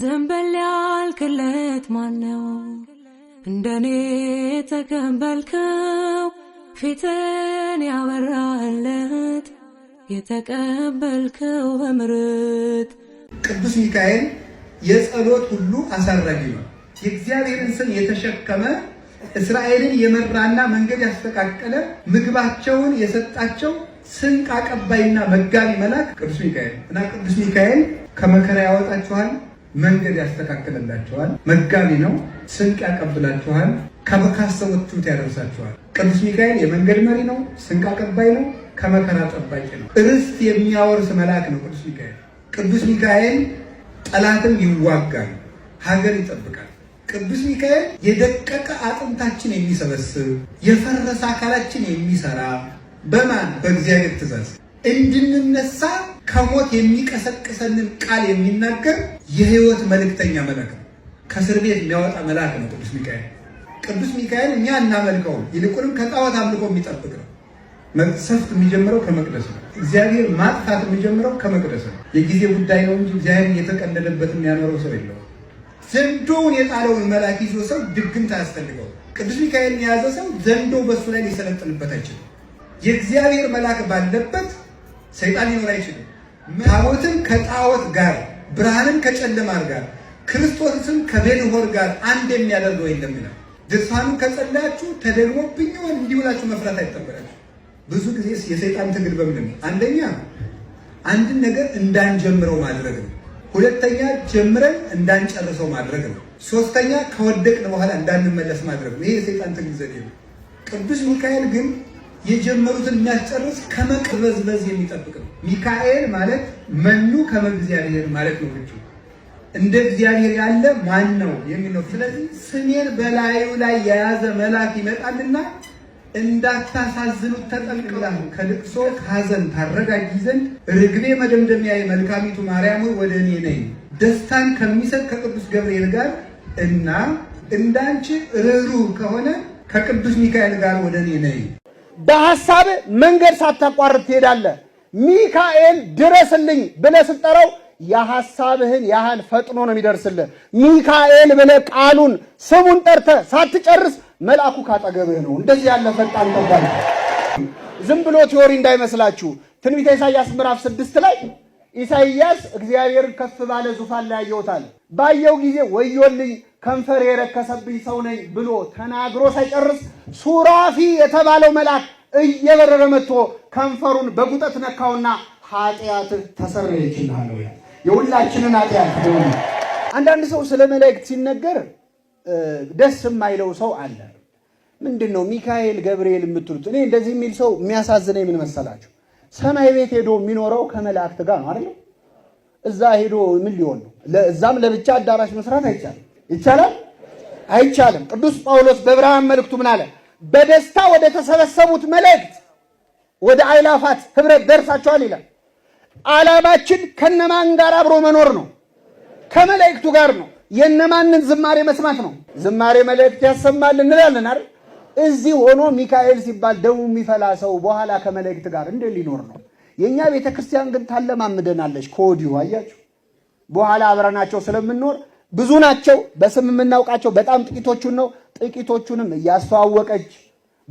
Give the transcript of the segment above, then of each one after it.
ዘንበል ያልክለት ማነው? እንደኔ የተቀበልከው ፊትን ያበራለት የተቀበልከው በምርት ቅዱስ ሚካኤል የጸሎት ሁሉ አሳራጊ ነው። የእግዚአብሔርን ስም የተሸከመ እስራኤልን የመራና መንገድ ያስተካከለ ምግባቸውን የሰጣቸው ስንቅ አቀባይና መጋቢ መልአክ ቅዱስ ሚካኤል እና ቅዱስ ሚካኤል ከመከራ ያወጣችኋል መንገድ ያስተካክልላችኋል። መጋቢ ነው፣ ስንቅ ያቀብላችኋል፣ ካሰባችሁት ያደርሳችኋል። ቅዱስ ሚካኤል የመንገድ መሪ ነው፣ ስንቅ አቀባይ ነው፣ ከመከራ ጠባቂ ነው፣ ርስት የሚያወርስ መልአክ ነው። ቅዱስ ሚካኤል ቅዱስ ሚካኤል ጠላትም ይዋጋል፣ ሀገር ይጠብቃል። ቅዱስ ሚካኤል የደቀቀ አጥንታችን የሚሰበስብ የፈረሰ አካላችን የሚሰራ በማን በእግዚአብሔር ትእዛዝ እንድንነሳ ከሞት የሚቀሰቅሰንን ቃል የሚናገር የህይወት መልእክተኛ መልአክ ነው። ከእስር ቤት የሚያወጣ መልአክ ነው ቅዱስ ሚካኤል። ቅዱስ ሚካኤል እኛ እናመልከውም፣ ይልቁንም ከጣዖት አምልኮ የሚጠብቅ ነው። መቅሰፍት የሚጀምረው ከመቅደስ ነው። እግዚአብሔር ማጥፋት የሚጀምረው ከመቅደስ ነው። የጊዜ ጉዳይ ነው እንጂ እግዚአብሔር የተቀደደበትን የሚያኖረው ሰው የለው ዘንዶውን የጣለውን መልአክ ይዞ ሰው ድግምት አያስፈልገው። ቅዱስ ሚካኤልን የያዘ ሰው ዘንዶ በሱ ላይ ሊሰለጥንበት አይችልም። የእግዚአብሔር መልአክ ባለበት ሰይጣን ሊኖር አይችልም። ታቦትን ከጣዖት ጋር፣ ብርሃንም ከጨለማር ጋር፣ ክርስቶስን ከቤልሆር ጋር አንድ የሚያደርገው የለም ይላል። ድርሳኑ ከጸላችሁ ተደግሞብኝ እንዲውላችሁ መፍራት አይጠበቃችሁ። ብዙ ጊዜ የሰይጣን ትግል በምን ነው? አንደኛ አንድን ነገር እንዳንጀምረው ማድረግ ነው። ሁለተኛ ጀምረን እንዳንጨርሰው ማድረግ ነው። ሶስተኛ ከወደቅን በኋላ እንዳንመለስ ማድረግ ነው። ይሄ የሰይጣን ትግል ዘዴ ነው። ቅዱስ ሚካኤል ግን የጀመሩትን የሚያስጨርስ ከመቅበዝበዝ የሚጠብቅ ነው። ሚካኤል ማለት መኑ ከመ እግዚአብሔር ማለት ነው። ልጁ እንደ እግዚአብሔር ያለ ማን ነው የሚል ነው። ስለዚህ ስሜን በላዩ ላይ የያዘ መልአክ ይመጣልና እንዳታሳዝኑት ተጠንቅላ ከልቅሶ ከሐዘን ታረጋጊ ዘንድ ርግቤ መደምደሚያ መልካሚቱ ማርያም ወደ እኔ ነኝ ደስታን ከሚሰጥ ከቅዱስ ገብርኤል ጋር እና እንዳንቺ ርሩ ከሆነ ከቅዱስ ሚካኤል ጋር ወደ እኔ ነይ በሐሳብ መንገድ ሳታቋርጥ ትሄዳለህ። ሚካኤል ድረስልኝ ብለህ ስትጠራው የሐሳብህን ያህል ፈጥኖ ነው የሚደርስልህ። ሚካኤል ብለህ ቃሉን ስሙን ጠርተህ ሳትጨርስ መልአኩ ካጠገብህ ነው። እንደዚህ ያለ ፈጣን ነው። ዝም ብሎ ቲዎሪ እንዳይመስላችሁ ትንቢተ ኢሳያስ ምዕራፍ ስድስት ላይ ኢሳይያስ እግዚአብሔርን ከፍ ባለ ዙፋን ላይ ያየውታል። ባየው ጊዜ ወዮልኝ ከንፈር የረከሰብኝ ሰው ነኝ ብሎ ተናግሮ ሳይጨርስ ሱራፊ የተባለው መልአክ እየበረረ መጥቶ ከንፈሩን በጉጠት ነካውና ኃጢአትህ ተሰረየችልሃል። የሁላችንን ኃጢአት አንዳንድ ሰው ስለ መላእክት ሲነገር ደስ የማይለው ሰው አለ። ምንድን ነው ሚካኤል ገብርኤል የምትሉት? እኔ እንደዚህ የሚል ሰው የሚያሳዝነኝ ምን መሰላችሁ? ሰማይ ቤት ሄዶ የሚኖረው ከመላእክት ጋር ነው አይደል? እዛ ሄዶ ምን ሊሆን ነው? እዛም ለብቻ አዳራሽ መስራት አይቻልም። ይቻላል? አይቻልም። ቅዱስ ጳውሎስ በብርሃን መልእክቱ ምን አለ? በደስታ ወደ ተሰበሰቡት መላእክት ወደ አይላፋት ህብረት ደርሳቸዋል ይላል። ዓላማችን ከነማን ጋር አብሮ መኖር ነው? ከመላእክቱ ጋር ነው። የነማንን ዝማሬ መስማት ነው? ዝማሬ መላእክት ያሰማል እንላለን አይደል? እዚህ ሆኖ ሚካኤል ሲባል ደሙ የሚፈላ ሰው በኋላ ከመላእክት ጋር እንደ ሊኖር ነው። የእኛ ቤተ ክርስቲያን ግን ታለማምደናለች። ከወዲሁ አያችሁ፣ በኋላ አብረናቸው ስለምንኖር ብዙ ናቸው። በስም የምናውቃቸው በጣም ጥቂቶቹን ነው። ጥቂቶቹንም እያስተዋወቀች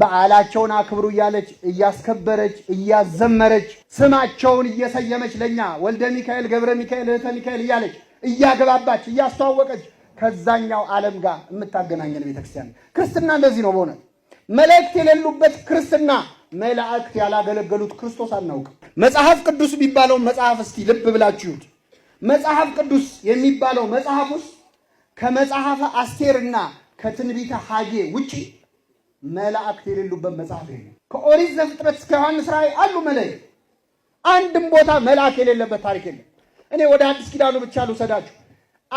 በዓላቸውን አክብሩ እያለች እያስከበረች እያዘመረች ስማቸውን እየሰየመች ለእኛ ወልደ ሚካኤል፣ ገብረ ሚካኤል፣ እህተ ሚካኤል እያለች እያገባባች እያስተዋወቀች ከዛኛው ዓለም ጋር የምታገናኘን ቤተክርስቲያን። ክርስትና እንደዚህ ነው። በእውነት መላእክት የሌሉበት ክርስትና፣ መላእክት ያላገለገሉት ክርስቶስ አናውቅም። መጽሐፍ ቅዱስ የሚባለው መጽሐፍ እስቲ ልብ ብላችሁት፣ መጽሐፍ ቅዱስ የሚባለው መጽሐፍ ውስጥ ከመጽሐፈ አስቴርና ከትንቢተ ሐጌ ውጪ መላእክት የሌሉበት መጽሐፍ የለም። ከኦሪት ዘፍጥረት እስከ ዮሐንስ ራእይ አሉ መላእክት። አንድም ቦታ መልአክ የሌለበት ታሪክ የለም። እኔ ወደ አዲስ ኪዳኑ ብቻ ልውሰዳችሁ።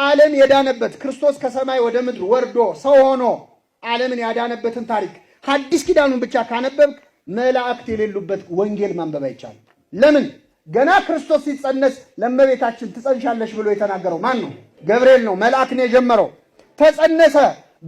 ዓለም የዳነበት ክርስቶስ ከሰማይ ወደ ምድር ወርዶ ሰው ሆኖ ዓለምን ያዳነበትን ታሪክ ሐዲስ ኪዳኑን ብቻ ካነበብክ መላእክት የሌሉበት ወንጌል ማንበብ አይቻልም። ለምን? ገና ክርስቶስ ሲጸነስ ለእመቤታችን ትጸንሻለሽ ብሎ የተናገረው ማን ነው? ገብርኤል ነው። መልአክ ነው የጀመረው። ተጸነሰ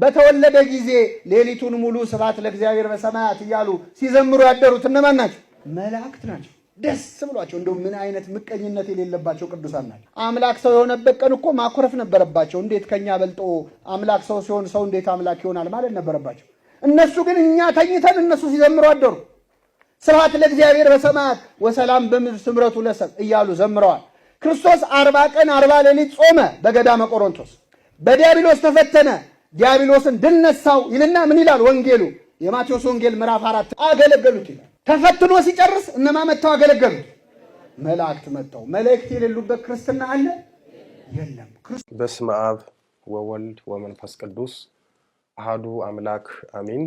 በተወለደ ጊዜ ሌሊቱን ሙሉ ስብሐት ለእግዚአብሔር በሰማያት እያሉ ሲዘምሩ ያደሩት እነማን ናቸው? መላእክት ናቸው። ደስ ብሏቸው እንደው ምን አይነት ምቀኝነት የሌለባቸው ቅዱሳን ናቸው። አምላክ ሰው የሆነበት ቀን እኮ ማኩረፍ ነበረባቸው። እንዴት ከኛ በልጦ አምላክ ሰው ሲሆን ሰው እንዴት አምላክ ይሆናል ማለት ነበረባቸው። እነሱ ግን እኛ ተኝተን እነሱ ሲዘምሩ አደሩ። ስብሐት ለእግዚአብሔር በሰማያት ወሰላም በምድር ስምረቱ ለሰብ እያሉ ዘምረዋል። ክርስቶስ አርባ ቀን አርባ ሌሊት ጾመ በገዳመ ቆሮንቶስ። በዲያብሎስ ተፈተነ፣ ዲያብሎስን ድል ነሳው ይልና ምን ይላል ወንጌሉ? የማቴዎስ ወንጌል ምዕራፍ አራት አገለገሉት ይላል ተፈትኖ ሲጨርስ እነማ መጥተው አገለገሉ? መላእክት መጥተው። መላእክት የሌሉበት ክርስትና አለ የለም። በስመ አብ ወወልድ ወመንፈስ ቅዱስ አሃዱ አምላክ አሚን።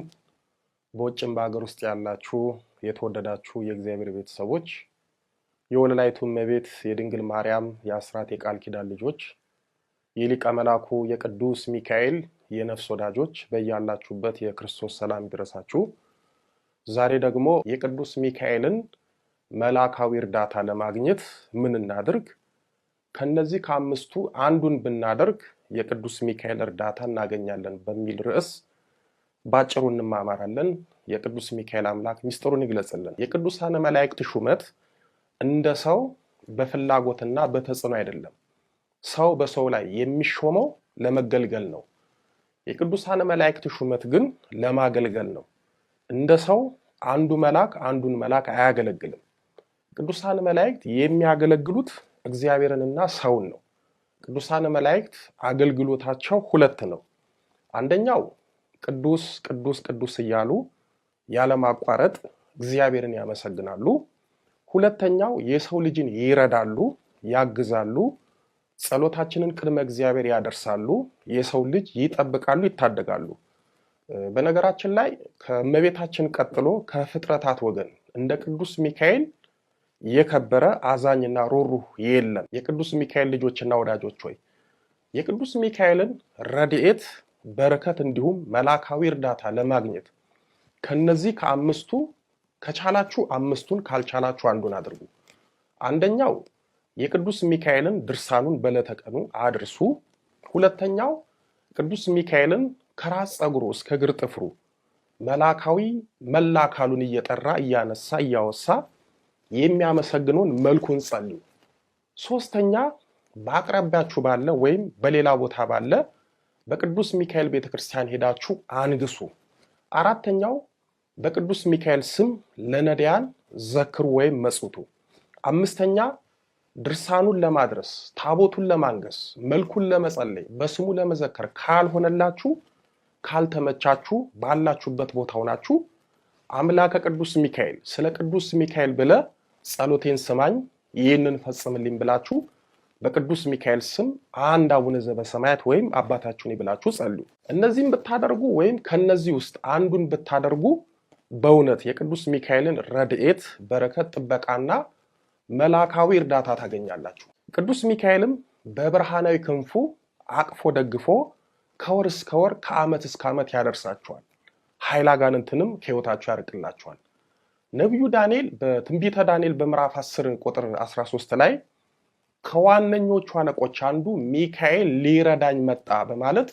በውጭም በሀገር ውስጥ ያላችሁ የተወደዳችሁ የእግዚአብሔር ቤተሰቦች የወለላይቱ እመቤት የድንግል ማርያም የአስራት የቃል ኪዳን ልጆች የሊቀ መላኩ የቅዱስ ሚካኤል የነፍስ ወዳጆች በያላችሁበት የክርስቶስ ሰላም ይድረሳችሁ። ዛሬ ደግሞ የቅዱስ ሚካኤልን መላካዊ እርዳታ ለማግኘት ምን እናድርግ? ከነዚህ ከአምስቱ አንዱን ብናደርግ የቅዱስ ሚካኤል እርዳታ እናገኛለን በሚል ርዕስ ባጭሩ እንማማራለን። የቅዱስ ሚካኤል አምላክ ሚስጥሩን ይግለጽልን። የቅዱሳነ መላእክት ሹመት እንደ ሰው በፍላጎትና በተጽዕኖ አይደለም። ሰው በሰው ላይ የሚሾመው ለመገልገል ነው። የቅዱሳነ መላእክት ሹመት ግን ለማገልገል ነው። እንደ ሰው አንዱ መልአክ አንዱን መልአክ አያገለግልም። ቅዱሳን መላእክት የሚያገለግሉት እግዚአብሔርንና ሰውን ነው። ቅዱሳን መላእክት አገልግሎታቸው ሁለት ነው። አንደኛው ቅዱስ ቅዱስ ቅዱስ እያሉ ያለማቋረጥ እግዚአብሔርን ያመሰግናሉ። ሁለተኛው የሰው ልጅን ይረዳሉ፣ ያግዛሉ፣ ጸሎታችንን ቅድመ እግዚአብሔር ያደርሳሉ፣ የሰው ልጅ ይጠብቃሉ፣ ይታደጋሉ። በነገራችን ላይ ከእመቤታችን ቀጥሎ ከፍጥረታት ወገን እንደ ቅዱስ ሚካኤል የከበረ አዛኝና ሩሩህ የለም። የቅዱስ ሚካኤል ልጆችና ወዳጆች ሆይ የቅዱስ ሚካኤልን ረድኤት፣ በረከት እንዲሁም መላካዊ እርዳታ ለማግኘት ከነዚህ ከአምስቱ ከቻላችሁ አምስቱን ካልቻላችሁ አንዱን አድርጉ። አንደኛው የቅዱስ ሚካኤልን ድርሳኑን በለተቀኑ አድርሱ። ሁለተኛው ቅዱስ ሚካኤልን ከራስ ጸጉሩ እስከ እግር ጥፍሩ መላካዊ መላ አካሉን እየጠራ እያነሳ እያወሳ የሚያመሰግነውን መልኩን ጸልዩ። ሶስተኛ በአቅራቢያችሁ ባለ ወይም በሌላ ቦታ ባለ በቅዱስ ሚካኤል ቤተክርስቲያን ሄዳችሁ አንግሱ። አራተኛው በቅዱስ ሚካኤል ስም ለነዳያን ዘክሩ ወይም መጽቱ። አምስተኛ ድርሳኑን ለማድረስ ታቦቱን ለማንገስ መልኩን ለመጸለይ በስሙ ለመዘከር ካልሆነላችሁ ካልተመቻችሁ ባላችሁበት ቦታ ሆናችሁ አምላከ ቅዱስ ሚካኤል ስለ ቅዱስ ሚካኤል ብለ ጸሎቴን ስማኝ ይህንን ፈጽምልኝ ብላችሁ በቅዱስ ሚካኤል ስም አንድ አቡነ ዘበሰማያት ወይም አባታችሁን ይብላችሁ ጸልዩ። እነዚህም ብታደርጉ ወይም ከነዚህ ውስጥ አንዱን ብታደርጉ በእውነት የቅዱስ ሚካኤልን ረድኤት፣ በረከት፣ ጥበቃና መላካዊ እርዳታ ታገኛላችሁ። ቅዱስ ሚካኤልም በብርሃናዊ ክንፉ አቅፎ ደግፎ ከወር እስከ ወር ከዓመት እስከ ዓመት ያደርሳቸዋል። ኃይል አጋንንትንም ከሕይወታቸው ያርቅላቸዋል። ነቢዩ ዳንኤል በትንቢተ ዳንኤል በምዕራፍ 10 ቁጥር 13 ላይ ከዋነኞቹ አለቆች አንዱ ሚካኤል ሊረዳኝ መጣ በማለት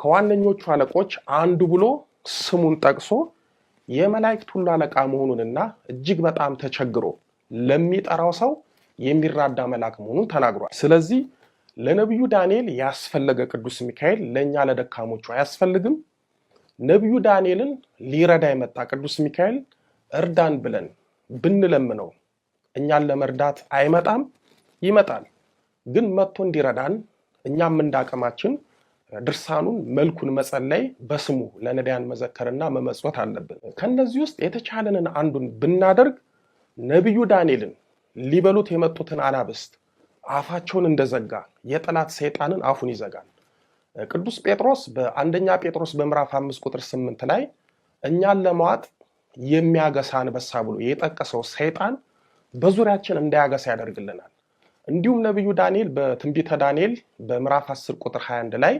ከዋነኞቹ አለቆች አንዱ ብሎ ስሙን ጠቅሶ የመላእክት ሁሉ አለቃ መሆኑንና እጅግ በጣም ተቸግሮ ለሚጠራው ሰው የሚራዳ መልአክ መሆኑን ተናግሯል። ስለዚህ ለነቢዩ ዳንኤል ያስፈለገ ቅዱስ ሚካኤል ለእኛ ለደካሞቹ አያስፈልግም? ነቢዩ ዳንኤልን ሊረዳ የመጣ ቅዱስ ሚካኤል እርዳን ብለን ብንለምነው እኛን ለመርዳት አይመጣም? ይመጣል። ግን መጥቶ እንዲረዳን እኛም እንዳቅማችን ድርሳኑን መልኩን መጸለይ፣ በስሙ ለነዳያን መዘከርና መመጽወት አለብን። ከእነዚህ ውስጥ የተቻለንን አንዱን ብናደርግ ነቢዩ ዳንኤልን ሊበሉት የመጡትን አናብስት አፋቸውን እንደዘጋ የጠላት ሰይጣንን አፉን ይዘጋል። ቅዱስ ጴጥሮስ በአንደኛ ጴጥሮስ በምዕራፍ አምስት ቁጥር ስምንት ላይ እኛን ለመዋጥ የሚያገሳ አንበሳ ብሎ የጠቀሰው ሰይጣን በዙሪያችን እንዳያገሳ ያደርግልናል። እንዲሁም ነቢዩ ዳንኤል በትንቢተ ዳንኤል በምዕራፍ አስር ቁጥር 21 ላይ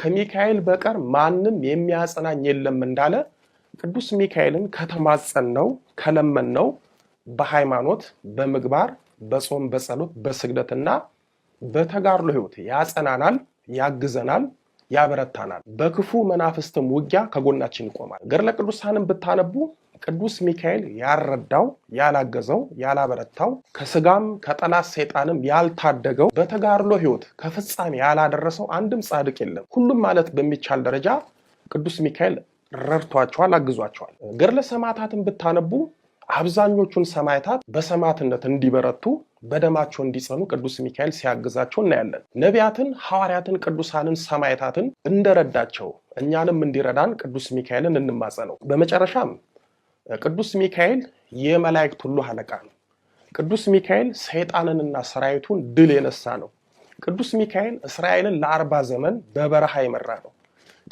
ከሚካኤል በቀር ማንም የሚያጸናኝ የለም እንዳለ ቅዱስ ሚካኤልን ከተማጸን ነው ከለመን ነው በሃይማኖት በምግባር በጾም በጸሎት በስግደትና በተጋድሎ ህይወት ያጸናናል፣ ያግዘናል፣ ያበረታናል። በክፉ መናፍስትም ውጊያ ከጎናችን ይቆማል። ገድለ ቅዱሳንም ብታነቡ ቅዱስ ሚካኤል ያልረዳው፣ ያላገዘው፣ ያላበረታው ከስጋም ከጠላት ሰይጣንም ያልታደገው በተጋድሎ ህይወት ከፍጻሜ ያላደረሰው አንድም ጻድቅ የለም። ሁሉም ማለት በሚቻል ደረጃ ቅዱስ ሚካኤል ረድቷቸዋል፣ አግዟቸዋል። ገድለ ሰማዕታትን ብታነቡ አብዛኞቹን ሰማዕታት በሰማዕትነት እንዲበረቱ በደማቸው እንዲጸኑ ቅዱስ ሚካኤል ሲያግዛቸው እናያለን። ነቢያትን፣ ሐዋርያትን፣ ቅዱሳንን፣ ሰማዕታትን እንደረዳቸው እኛንም እንዲረዳን ቅዱስ ሚካኤልን እንማጸነው። በመጨረሻም ቅዱስ ሚካኤል የመላእክት ሁሉ አለቃ ነው። ቅዱስ ሚካኤል ሰይጣንንና ሰራዊቱን ድል የነሳ ነው። ቅዱስ ሚካኤል እስራኤልን ለአርባ ዘመን በበረሃ የመራ ነው።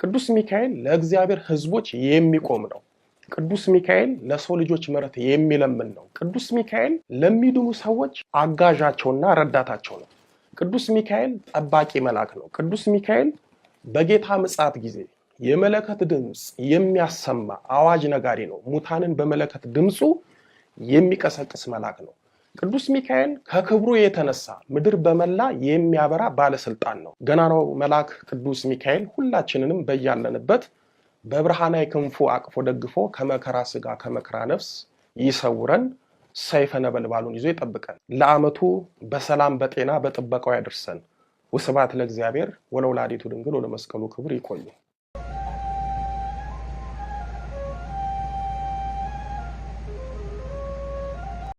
ቅዱስ ሚካኤል ለእግዚአብሔር ሕዝቦች የሚቆም ነው። ቅዱስ ሚካኤል ለሰው ልጆች ምሕረት የሚለምን ነው። ቅዱስ ሚካኤል ለሚድኑ ሰዎች አጋዣቸውና ረዳታቸው ነው። ቅዱስ ሚካኤል ጠባቂ መልአክ ነው። ቅዱስ ሚካኤል በጌታ ምጽአት ጊዜ የመለከት ድምፅ የሚያሰማ አዋጅ ነጋሪ ነው። ሙታንን በመለከት ድምፁ የሚቀሰቅስ መልአክ ነው። ቅዱስ ሚካኤል ከክብሩ የተነሳ ምድር በመላ የሚያበራ ባለስልጣን ነው። ገናናው መልአክ ቅዱስ ሚካኤል ሁላችንንም በያለንበት በብርሃናዊ ክንፉ አቅፎ ደግፎ ከመከራ ስጋ ከመከራ ነፍስ ይሰውረን፣ ሰይፈ ነበልባሉን ይዞ ይጠብቀን፣ ለዓመቱ በሰላም በጤና በጥበቃው ያደርሰን። ውስባት ለእግዚአብሔር ወለወላዲቱ ድንግል ወለመስቀሉ ክቡር። ይቆዩ።